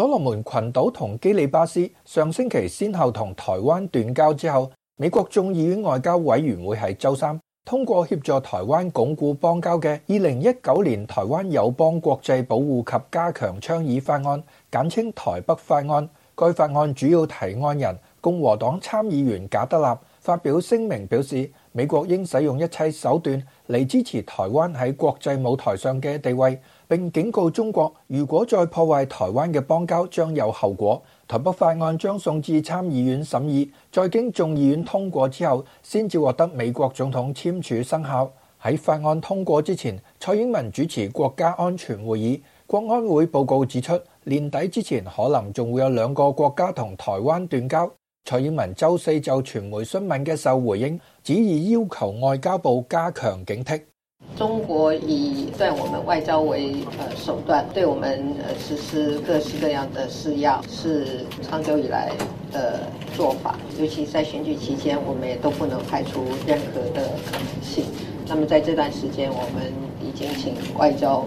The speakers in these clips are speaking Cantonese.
所羅門群島同基里巴斯上星期先後同台灣斷交之後，美國眾議院外交委員會喺周三通過協助台灣鞏固邦交嘅二零一九年台灣友邦國際保護及加強倡議法案，簡稱台北法案。該法案主要提案人共和黨參議員賈德納發表聲明表示。美國應使用一切手段嚟支持台灣喺國際舞台上嘅地位，並警告中國，如果再破壞台灣嘅邦交，將有後果。台北法案將送至參議院審議，再經眾議院通過之後，先至獲得美國總統簽署生效。喺法案通過之前，蔡英文主持國家安全會議，國安會報告指出，年底之前可能仲會有兩個國家同台灣斷交。蔡英文周四就傳媒詢問嘅受回應，只以要求外交部加強警惕。中國以對我們外交為呃手段，對我們呃實施各式各樣的施壓，是長久以來嘅做法。尤其在選舉期間，我們也都不能排除任何的可能性。那麼在這段時間，我們已經請外交。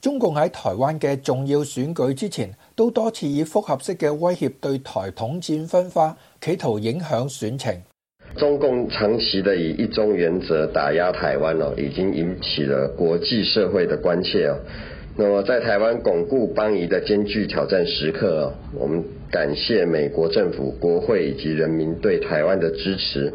中共喺台灣嘅重要選舉之前，都多次以複合式嘅威脅對台統戰分化，企圖影響選情。中共長期的以一中原則打壓台灣，已經引起了國際社會的關切。那麼在台灣鞏固邦誼的艱巨挑戰時刻，我們感謝美國政府、國會以及人民對台灣的支持。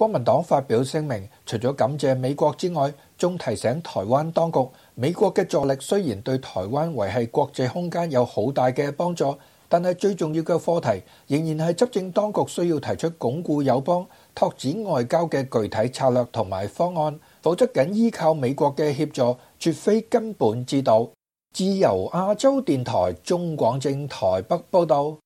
國民黨發表聲明，除咗感謝美國之外，仲提醒台灣當局，美國嘅助力雖然對台灣維繫國際空間有好大嘅幫助，但係最重要嘅課題仍然係執政當局需要提出鞏固友邦、拓展外交嘅具體策略同埋方案，否則僅依靠美國嘅協助絕非根本之道。自由亞洲電台鍾廣政台北報道。